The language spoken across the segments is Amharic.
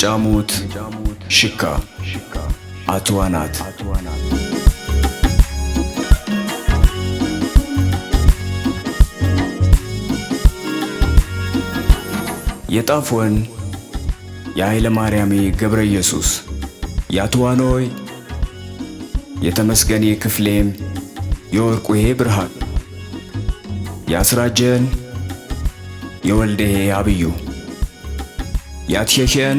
የጫሙት ሽካ አትዋናት የጣፍወን የኃይለ ማርያሜ ገብረ ኢየሱስ የአትዋኖይ የተመስገኔ ክፍሌም የወርቁሄ ብርሃን የአስራጀን የወልደሄ አብዩ ያትሸሸን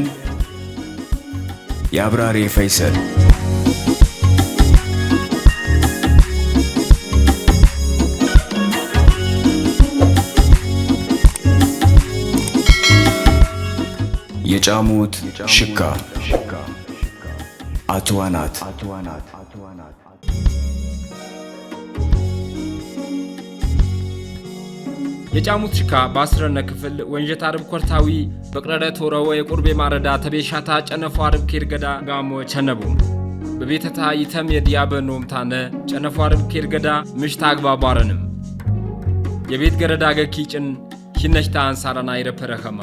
የአብራሪ ፈይሰል የጫሙት ሽካ አትዋናት የጫሙት ሽካ በአስረነ ክፍል ወንጀት አርብ ኮርታዊ በቅረረ ቶረወ የቁርቤ ማረዳ ተቤሻታ ጨነፎ አርብ ኬርገዳ ጋሞ ቸነቡ በቤተታ ይተም የዲያበ ኖምታነ ጨነፎ አርብ ኬርገዳ ምሽት አግባቧረንም የቤት ገረዳ ገኪ ጭን ሽነሽታ አንሳራና ይረፐረኸማ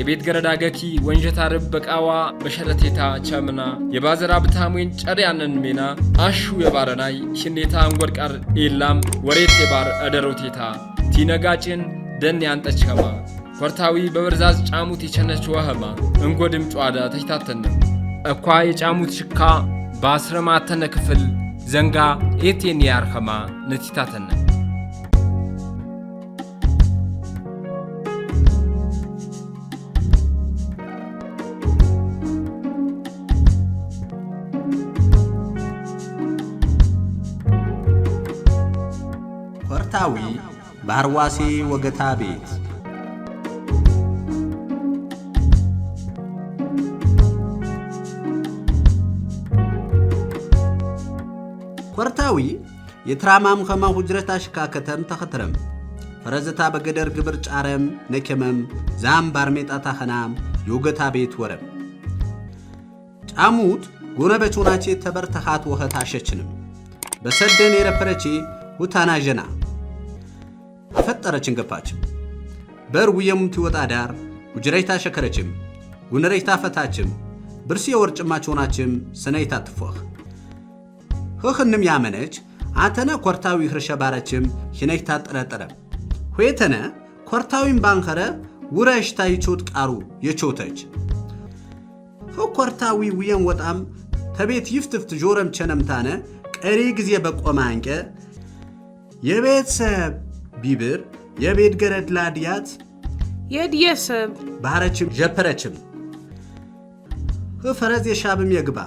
የቤት ገረዳ ገኪ ወንጀት አርብ በቃዋ በሸለቴታ ቸምና የባዘራ ብታሙን ጨሪያነን ሜና አሹ የባረናይ ሽኔታ አንጎድቃር ኤላም ወሬት የባር አደሮቴታ ቲነጋጭን ደን ያንጠች ኸማ ኰርታዊ በበርዛዝ ጫሙት የቸነችዋ ኸማ እንጐድም ጨዋዳ ተሽታተንም እኳ የጫሙት ሽካ በአስረማተነ ክፍል ዘንጋ ኤቴን ያር ኸማ ነቲታተነ በአርዋሴ ወገታ ቤት ኮርታዊ የትራማም ኸማ ሁጅረት አሽካከተም ተኸትረም ፈረዘታ በገደር ግብር ጫረም ነኬመም ዛም ባርሜጣ ታኸናም የወገታ ቤት ወረም ጫሙት ጎነ በቾናቼ ተበርተኻት ወኸት አሸችንም በሰደን የረፈረቼ ሁታና ዠና አፈጠረችን ገባችም በር ውየሙም ትወጣ ዳር ውጅረይታ ሸከረችም ውነረይታ ፈታችም ብርሲ የወርጭማች ሆናችም ስነይታ ትፎህ ህኽንም ያመነች አተነ ኮርታዊ ህርሸ ባረችም ሽነይታ ጥረጥረ ዄተነ ኮርታዊም ባንኸረ ውረሽታ ይቾት ቃሩ የቾተች ኮርታዊ ውየም ወጣም ተቤት ይፍትፍት ጆረም ቸነምታነ ቀሪ ጊዜ በቆመ አንቀ የቤተሰብ ቢብር የቤድ ገረድ ላድያት የድየሰብ ባህረችም ዠፐረችም ኸፈረዝ የሻብም የግባ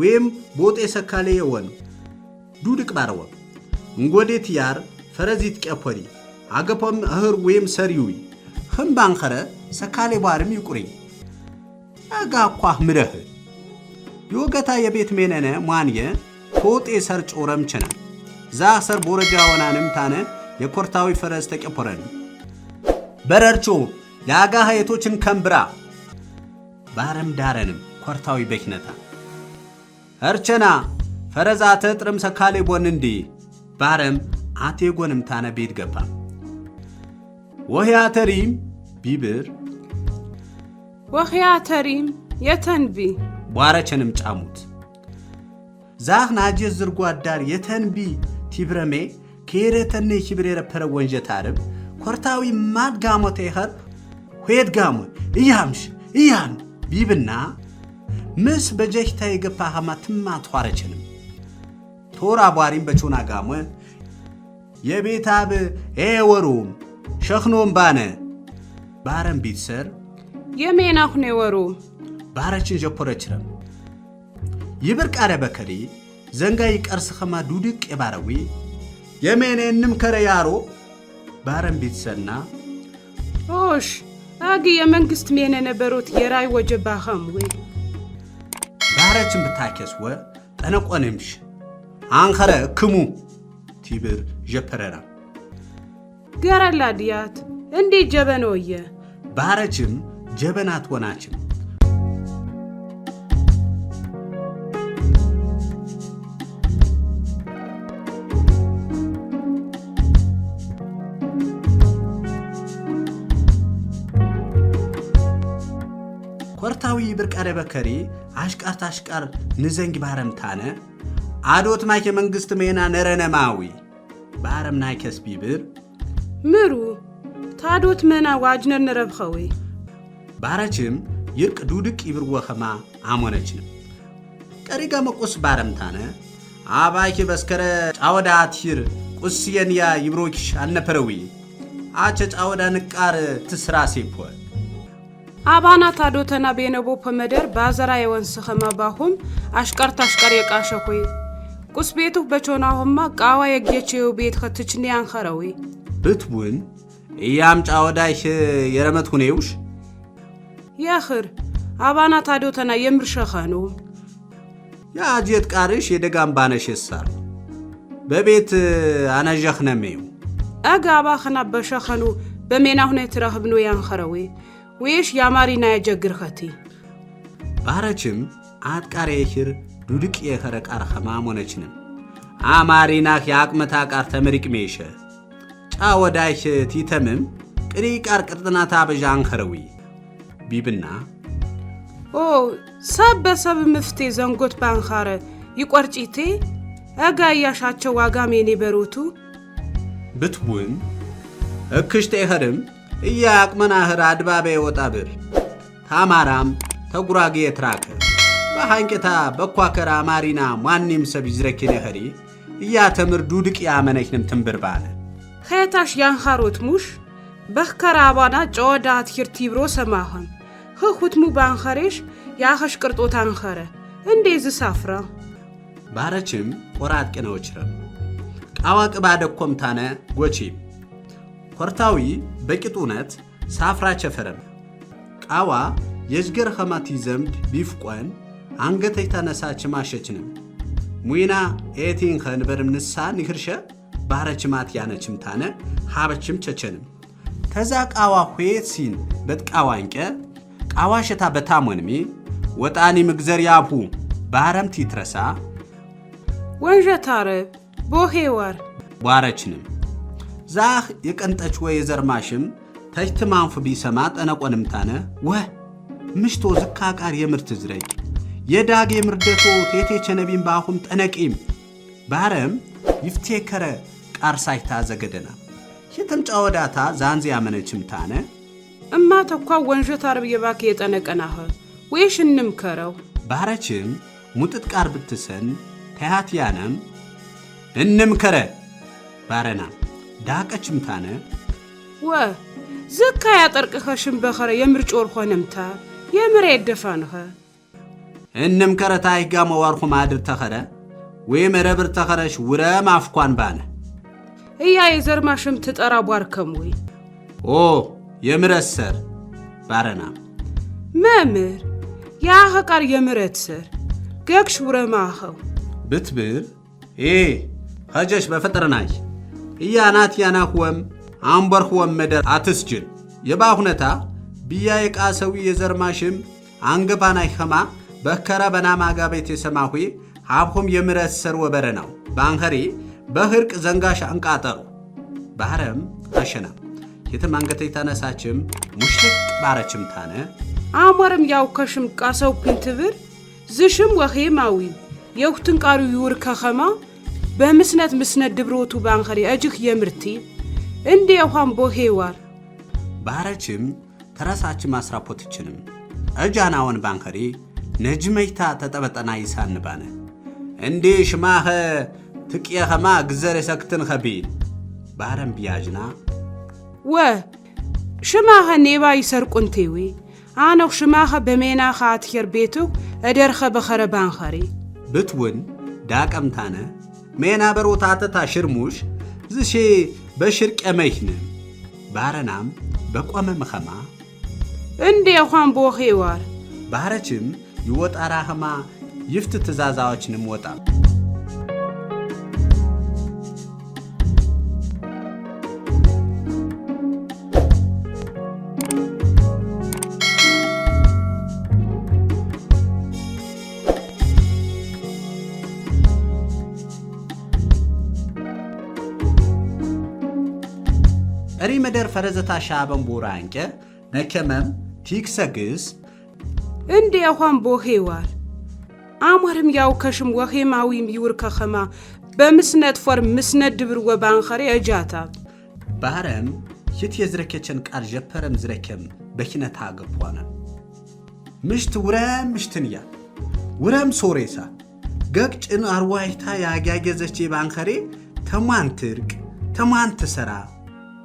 ወይም ቦጤ የሰካሌ የወን ዱድቅ ባረወ እንጎዴት ያር ፈረዚት ቀፖሪ አገፖም እህር ወይም ሰሪዊ ህምባን ኸረ ሰካሌ ባርም ይቁሪ አጋ ኳህ ምረህ የወገታ የቤት ሜነነ ሟንየ ቦጤ ሰር ጮረምችና ዛ ሰር ቦረጃ ወናንም ታነ የኮርታዊ ፈረስ ተቄፖረን በረርቾ የአጋ ሀየቶችን ከምብራ ባረም ዳረንም ኮርታዊ በኪነታ እርቸና ፈረዝ አተ ጥርም ሰካሌ ቦን እንዲ ባረም አቴ ጎንም ታነ ቤት ገባ ወህያተሪም ቢብር ወህያተሪም የተንቢ ቧረቸንም ጫሙት ዛህ ናጀ ዝርጓዳር የተንቢ ቲብረሜ ከየረተነ ኪብር የረፐረ ወንጀት አርብ ኮርታዊ ማድ ይኸር ሁየት ጋሙ እያምሽ እያን ቢብና ምስ በጀሽታ የገፋ ሀማትማ አትኋረችንም ቶር አቧሪም በቾና ጋሙ የቤታብ ኤወሩም ሸክኖም ባነ ባረም ቢትሰር የሜናሁን የወሩ ባረችን ጀፖረችረም ይብር ቃሪያ በከሪ ዘንጋ ይቀርስ ኸማ ዱድቅ የባረዊ የሜኔንም ከረያሮ ቤትሰና ኦሽ አግ የመንግስት ሜነ ነበሮት የራይ ወጀ ባኸም ወይ ባረችን ወ ጠነቆንምሽ አንኸረ ክሙ ቲብር ጀፐረራ ገረላ ድያት እንዴ ጀበኖየ ባረችም ጀበናት ወናችም ብርቀረ በከሬ አሽቃር ታሽቃር ንዘንግ ባረምታነ አዶት ማይከ መንግስት ሜና ነረነማዊ ባረም ናይከስ ቢብር ምሩ ታዶት መና ዋጅነር ነረብኸዊ ባረችም ይርቅ ዱድቅ ይብር ወኸማ አሞነችንም ቀሪጋ መቆስ ባረምታነ አባይኪ በስከረ ጫወዳ አትሂር ቁስየንያ ይብሮኪሽ አልነበረዊ አቸ ጫወዳ ንቃር ትስራሴ ይፖል አባና ታዶ ተና ቤነቦ ፐመደር ባዘራ የወንስ ኸማ ባሁም አሽቀር ታሽቀር የቃሸ ሆይ ቁስ ቤቱ በቾና ሆማ ቃዋ የጌቼው ቤት ኸትችኒ አንኸረዊ ብትውን እያምጫ ወዳይሽ የረመት ሁኔውሽ የኽር አባና ታዶ ታዶተና የምርሸኸኑ የአጅየት ቃርሽ የደጋም ባነሽ የሳር በቤት አነዠኽነሜው አጋባ ኸና በሸኸኑ በሜና ሁኔት ረኽብኑ ያንኸረዊ ውይሽ የአማሪና የጀግር ኸቲ ባረችም አትቃር የሽር ዱድቅ የኸረቃር ኸማሞነችንም አማሪናህ የአቅመታ ቃር ተምሪቅ ሜሸ ጫ ወዳይሽ ቲተምም ቅሪ ቃር ቅርጥናታ በዣ አንኸረዊ ቢብና ኦ ሰብ በሰብ ምፍቴ ዘንጎት ባንኻረ ይቈርጪቴ እጋ እያሻቸው ዋጋ ሜኔ በሮቱ ብትውን እክሽቴ ኸርም እያቅመናህር አድባቤ ወጣብር ታማራም ተጉራጌ የትራከ በሐንቄታ በኳከር አማሪና ማንም ሰብ ይዝረኪነ ኸሪ እያተምር ዱድቅ ያመነችንም ትንብር ባለ ኸታሽ ያንኻሮት ሙሽ ጨወዳ ጨወዳት ሂርቲብሮ ሰማኸን ህኹትሙ ባንኸሬሽ ያኸሽ ቅርጦት አንኸረ እንዴ ዝሳፍራ ባረችም ቆራጥ ቅነዎችረ ቃዋቅ ባደኮምታነ ጎቺም ኮርታዊ በቂጥ ሳፍራ ቸፈረን ቃዋ የእጅገር ኸማቲ ዘምድ ቢፍቆን አንገተይ ተነሳ ችማሸችንም ሙይና ኤቲን ኸንበርም ንሳ ንክርሸ ባህረ ችማት ያነችም ታነ ሀበችም ቸቸንም ተዛ ቃዋ ዄት ሲን በትቃዋንቀ ቃዋ ሸታ በታሞንሚ ወጣኒ ምግዘር ያብሁ ባረምቲ ትረሳ ወንዠታረ ቦሄዋር ቧረችንም ዛህ የቀንጠች ወይ የዘርማሽም ማንፍ ቢሰማ ጠነቆንም ታነ ወህ ምሽቶ ዝካቃር የምርት ዝረጅ የዳግ የምርደቶ ቴቴ ቸነቢን በአሁም ጠነቂም ባረም ይፍቴ ከረ ቃር ሳይታ ዘገደና የተምጫ ወዳታ ዛንዚ ያመነችም ታነ እማ ተኳ ወንሾት አርብ የባክ የጠነቀናኸ ወይሽ እንምከረው ባረችም ሙጥጥ ቃር ብትሰን ተያትያነም እንምከረ ባረና ዳቀችምታነ ወ ዝካ ያጠርቅኸ ሽምበኸረ የምርጭ ወርኾነምታ የምሬ የደፋንኸ እንም ከረታይ ጋ መዋርኹ ማድር ተኸረ ወይ መረብር ተኸረሽ ውረ ማፍኳን ባነ እያ የዘርማ ሽም ትጠራ ቧርከም ወይ ኦ የምረት ሰር ባረና መምር ያኸ ቃር የምረት ሰር ገግሽ ውረ ማኸው ብትብር ኤ ኸጀሽ በፈጠረናይ እያናት ያናኽወም አንበርኽወም መደር አትስችል የባሁነታ ብያ የቃሰዊ የዘርማሽም አንገባናይ ኸማ በከራ በናማጋ ቤት የሰማሁ ሀብሆም የምረት ሰር ወበረ ነው ባንኸሬ በህርቅ ዘንጋሽ አንቃጠሩ ባህረም አሸና የትም አንገተ የታነሳችም ሙሽትቅ ባረችም ታነ አሞርም ያውከሽም ቃሰው ፕንትብር ዝሽም ወኼማዊ የውትን ቃሩ ይውር ከኸማ በምስነት ምስነት ድብሮቱ ባንኸሪ እጅህ የምርቲ እንዴ የኋም ቦ ሄዋር ባረችም ተረሳችም አስራፖትችንም እጃናወን ባንኸሪ ነጅመይታ መይታ ተጠበጠና ይሳንባነ እንዴ ሽማኸ ትቅየኸማ ግዘር የሰክትን ኸቢል ባረም ብያጅና ወ ሽማኸ ኔባ ይሰርቁንቴዌ አነኽ ሽማኸ በሜናኸ አትሄር ቤቱ እደርኸ በኸረ ባንኸሪ ብትውን ዳቀምታነ ሜናበሮት አተታ ሽርሙሽ ዝሼ በሽርቅ የመይህን ባረናም በቆመ መኸማ እንዴ ኳን ቦኼ ባረችም ይወጣራህማ ይፍት ትእዛዛዎችንም ወጣ መደር ፈረዘታ ሻበን ቦራንቀ ነከመም ቲክሰግስ እንዴ አሁን ቦሄዋል አማርም ያው ከሽም ወኼማዊም ይውር ከኸማ በምስነት ፎር ምስነት ድብር ወባንኸሪ እጃታብ ባረም የት የዝረከቸን ቃል ዠፐረም ዝረከም በኪነታ ገቧነ ምሽት ውረም ምሽትንያ ውረም ሶሬሳ ገቅጭን አርዋይታ ያጋገዘች የባንኸሬ ተሟን ትርቅ ተማን ትሰራ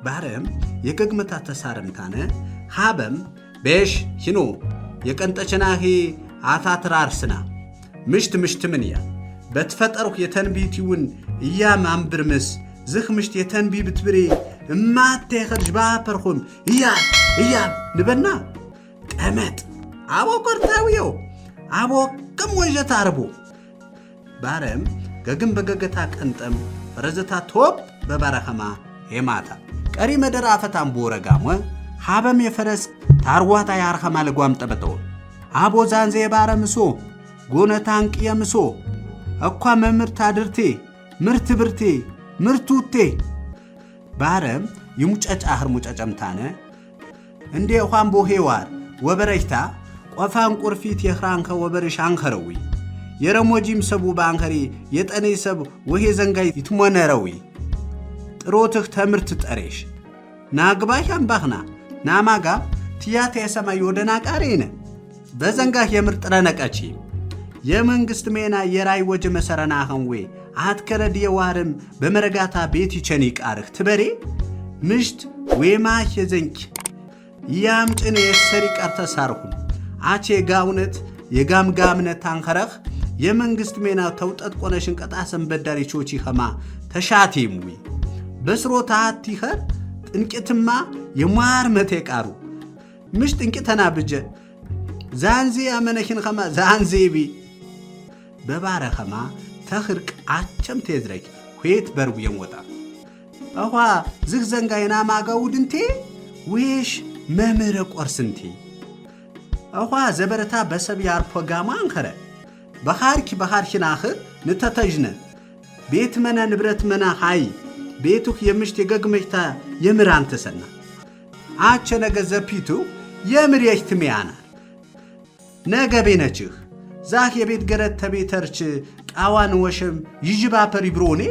ባህርም የገግመታ ተሳርምታነ ሃበም ቤሽ ሂኑ የቀንጠቸናሂ አታትራርስና ምሽት ምሽትምን እያ በትፈጠርሁ የተንቢት ይውን እያ ምስ ዝኽ ምሽት የተንቢ ብትብሬ እማቴ ኸርጅ ባፐርኹም እያ እያ ንበና ጠመጥ አቦ ቈርታዊዮ አቦ ቅም ወዠት አርቦ ባረም ገግም በገገታ ቀንጠም ረዘታ ቶብ በባረኸማ ሄማታ ቀሪ መደር አፈታምቦ ወረጋሞ ሀበም የፈረስ ታርዋታ ያርኸማ ማልጓም ጠበጠው አቦ ዛንዜ የባረ ምሶ ጎነታንቅ የምሶ እኳ መምህር ታድርቴ ምርት ብርቴ ምርቱቴ ባረም ይሙጨጫ አህር ሙጨጨምታነ እንዴ እኳም ቦሄዋር ወበረጅታ ቆፋን ቁርፊት የኽራንከ ወበርሽ አንከረዊ የረሞጂም ሰቡ በአንከሪ የጠኔ ሰብ ወሄ ዘንጋይ ይትሞነረዊ ጥሮትህ ተምርት ጠሬሽ ናግባሽ አምባኽና ናማጋ ትያተ የሰማይ ወደና ቃሬነ በዘንጋህ የምርጥረ ነቀቺ የመንግሥት ሜና የራይ ወጅ መሰረና ኸንዌ አትከረድ የዋርም በመረጋታ ቤት ይቸን ይቃርህ ትበሬ ምሽት ዌማህ የዘንኪ ያምጭን የሰሪ ቀርተ ሳርሁን አቼ ጋውነት የጋምጋምነት አንኸረኽ የመንግሥት ሜና ተውጠጥ ቆነሽን ቀጣሰን በዳሪቾች ቾቺ ኸማ ተሻቴም በስሮታ ቲኸር ጥንቅትማ የሟር መቴ ቃሩ ምሽ ጥንቅ ተናብጀ ዛንዚ አመነኪን ኸማ ዛንዜቢ በባረ ኸማ ተኽርቅ አቸም ቴዝረክ ሁት በርቡ የምወጣ አኋ የሞጣ እኳ ዝግዘንጋይና ማጋውድንቴ ውሽ መምህረ ቆርስንቲ አኋ ዘበረታ በሰብ ያርፖ ጋማ አንኸረ በኻርኪ በኻርኪ ናኽ ንተተዥነ ቤት መነ ንብረት መነ ሃይ ቤቱህ የምሽት የገግመሽታ የምር አንተሰና አቸ ነገ ዘፒቱ የምር የሽትሚያና ነገ ቤነችህ ዛህ የቤት ገረት ተቤተርች ቃዋን ወሸም ይጅባ ፐሪ ብሮኔ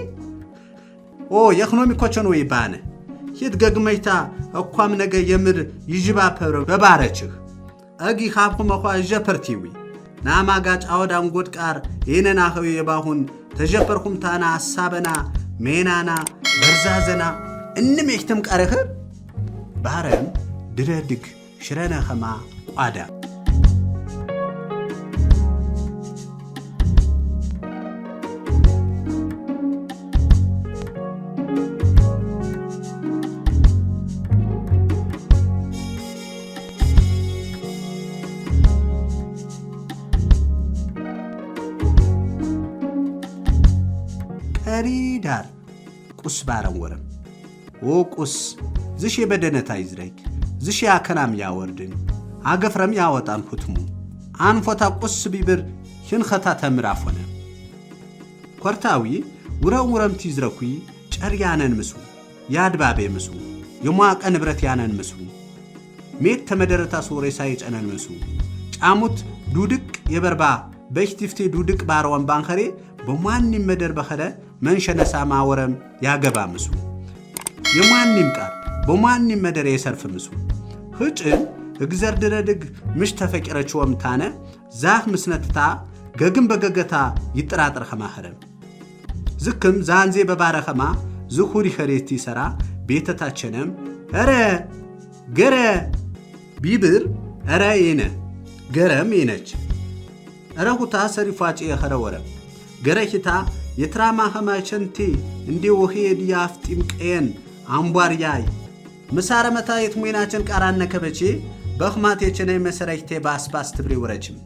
ኦ የኽኖሚ ኮቸን ወይ ባነ ሂት ገግመሽታ እኳም ነገ የምር ይጅባ በባረችህ እጊ ኻብኩ መኳ ጀፐርቲዊ ናማጋጭ አወዳን ጎድቃር ቃር የነና ኸው የባሁን ተጀፐርኩም ታና አሳበና ሜናና በርዛዘና እንሜክትም ቀረኸ ባህረም ድረድክ ድረድግ ኸማ ቋዳ ቁስ ባረወረም ኦ ቁስ ዝሽ የበደነታ አይዝረግ ዝሽ አከናም ያወርድን አገፍረም ያወጣን ሁትሙ አንፎታ ቁስ ቢብር ሽንኸታ ተምራፍ ሆነ ኰርታዊ ውረም ውረም ቲዝረኩ ጨር ያነን ምሱ ያድባቤ ምሱ የሟቀ ንብረት ያነን ምሱ ሜት ተመደረታ ሶሬሳ የጨነን ምሱ ጫሙት ዱድቅ የበርባ በሽቲፍቴ ዱድቅ ባረወን ባንኸሬ በማንም መደር በኸለ መንሸነሳ ማወረም ያገባ ምሱ የማንም ቃል በማንም መደረ የሰርፍ ምሱ ህጭን እግዘር ድረድግ ምሽ ተፈቂረችወም ታነ ዛፍ ምስነትታ ገግም በገገታ ይጥራጥር ኸማኸረም ዝክም ዛንዜ በባረኸማ ኸማ ዝኹሪ ኸሬቲ ሰራ ቤተታቸነም ኧረ ገረ ቢብር ኧረ የነ ገረም የነች ኧረ ኩታ ሰሪፏጭ የኸረ ወረም ገረ ሂታ የትራማ ኸማቸንቲ እንዲ ውሄድ የአፍጢም ቀየን አምቧር ያይ ምሳረ መታ የትሙናችን ቃራነ ከበቼ በኽማት የችነ መሰረጅቴ በአስባስ ትብሪ ውረችም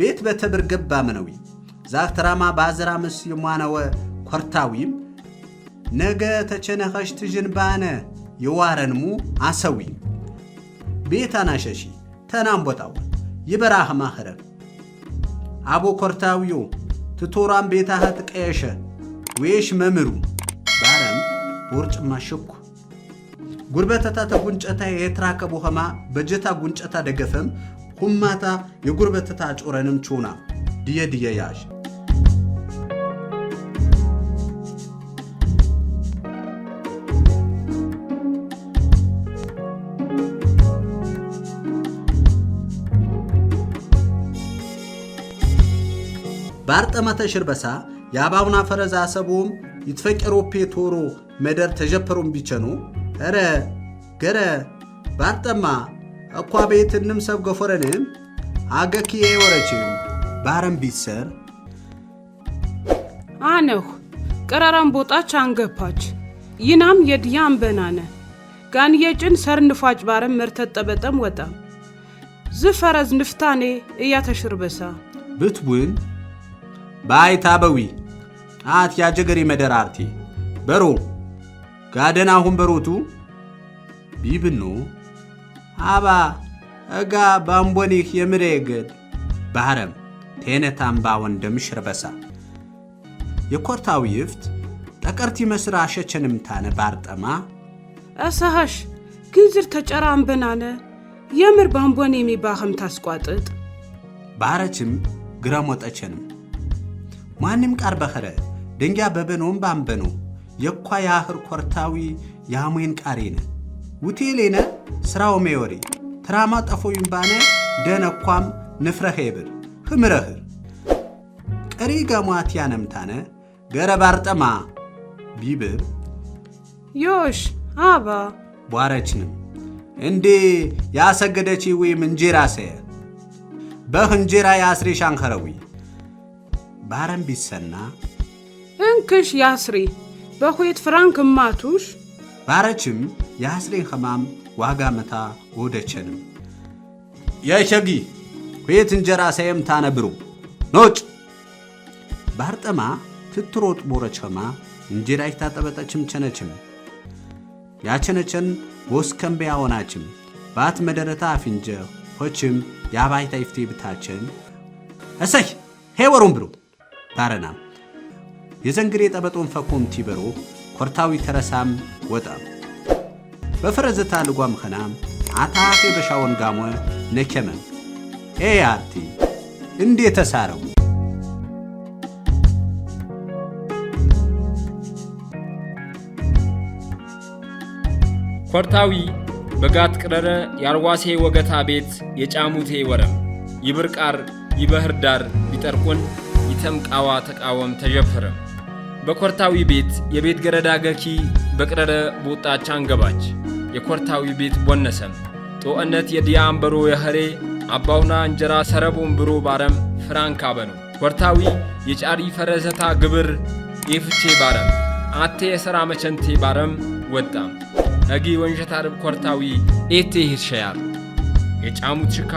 ቤት በተብር ገባ መነዊ ዛፍ ትራማ በአዘራ ምስ የሟነወ ኮርታዊም ነገ ተቸነኸሽ ትዥን ባነ የዋረንሙ አሰዊ ቤት አናሸሺ ተናም ቦታው ይበራህ ማኸረር አቦ ኮርታዊዮ ትቶራም ቤታሃ ትቀየሸ ወየሽ መምሩ ባረም ቦርጭማ ሸኩ ጉርበተታ ተጉንጨታ የትራከ ቦኸማ በጀታ ጉንጨታ ደገፈም ሁማታ የጉርበተታ ጮረንም ቾና ድየ ድየ ያዥ ባርጠመተ ሽርበሳ የአባቡና ፈረዛ ሰቦም ይትፈቀሮፔ ቶሮ መደር ተጀፐሮም ቢቸኑ ኧረ ገረ ባርጠማ እኳ ቤትንም ሰብ ገፎረንም አገክዬ ወረችም ባረም ቢሰር አነሁ ቀራራም ቦጣች አንገፓች ይናም የድያም በናነ ጋን የጭን ሰርንፋጭ ባረም መርተጠበጠም ወጣ ዝፈረዝ ንፍታኔ እያተሽርበሳ ብትውን ባይታበዊ አት ያጀገሪ መደራርቲ በሮ ጋደና አሁን በሮቱ ቢብኖ አባ እጋ ባምቦኒህ የምሬ የምሬግድ ባህረም ቴነት አምባ ወንድም ሽርበሳ የኮርታዊ ይፍት ጠቀርቲ መስራ ታነ ባርጠማ እሳሃሽ ግንዝር ተጨራ አምበናነ የምር ባምቦኔ የሚባህም ታስቋጥጥ ባረችም ግረሞጠቸንም ማንም ቃር በኸረ ደንጊያ በበኖም ባንበኖ የኳ ያህር ኮርታዊ የሐሙን ቃሬነ ውቴሌነ ሥራው ሜወሪ ትራማ ጠፎዩም ባነ ደነኳም ንፍረ ሄብር ህምረህር ቀሪ ገሟት ያነምታነ ገረባርጠማ አርጠማ ዮሽ አባ ቧረችንም እንዴ ያሰገደች ወይም እንጄራ ሰየ በህ እንጄራ የአስሬ ሻንኸረዊ ቢሰና እንክሽ ያስሪ በዄት ፍራንክ እማቱሽ ባረችም የሐስሬን ኸማም ዋጋ መታ ወደቸንም የሸጊ ዄት እንጀራ ሳየም ታነብሩ ኖጭ ባርጠማ ትትሮጥ ቦረች ኸማ እንጀራ ይታጠበጠችም ቸነችም ያቸነቸን ወስከም ቢያወናችም ባት መደረታ አፍንጀ ሆችም ያባይታ ይፍቴ ብታችን እሰይ ሄወሩም ብሩ ባረና የዘንግሬ ጠበጦን ፈኮም ቲበሮ ኮርታዊ ተረሳም ወጣም በፈረዘታ ልጓም ኸናም አታፌ በሻወን ጋሞ ነከመም ኤ አርቲ እንዴ ተሳረው ኮርታዊ በጋት ቅረረ ያርዋሴ ወገታ ቤት የጫሙቴ ወረም ይብርቃር ይበህር ዳር ቢጠርቁን ቃዋ ተቃወም ተጀፈረ በኮርታዊ ቤት የቤት ገረዳ ገኪ በቅረረ ቦጣች አንገባች የኮርታዊ ቤት ቦነሰም ጦእነት የዲያም በሮ የኸሬ አባውና እንጀራ ሰረቦን ብሮ ባረም ፍራንካ በኑ ኮርታዊ የጫሪ ፈረሰታ ግብር ኤፍቼ ባረም አቴ የሰራ መቸንቴ ባረም ወጣም እጊ ወንሸታርብ ኮርታዊ ኤቴ ሂርሸያር የጫሙት ሽካ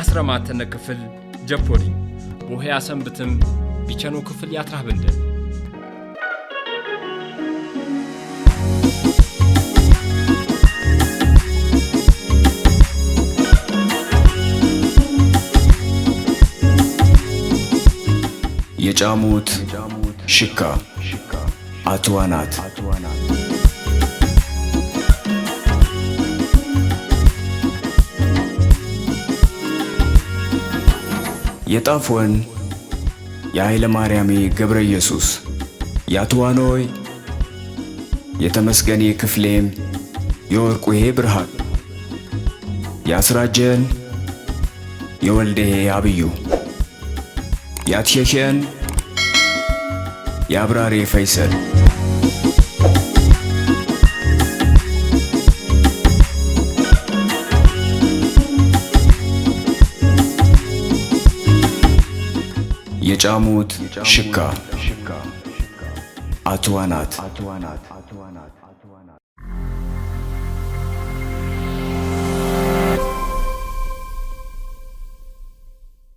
አስረማተነ ክፍል ጀፖሪ ቡሄ ያሰንብትም ቢቸኖ ክፍል ያትራህ የጫሙት ሽካ አትዋናት የጣፎን የኃይለ ማርያሜ ገብረ ኢየሱስ የአትዋኖይ የተመስገኔ ክፍሌም የወርቁሄ ብርሃን የአስራጀን የወልደሄ አብዩ ያትሸሸን የአብራሬ ፈይሰል የጫሙት ሽካ አትዋናት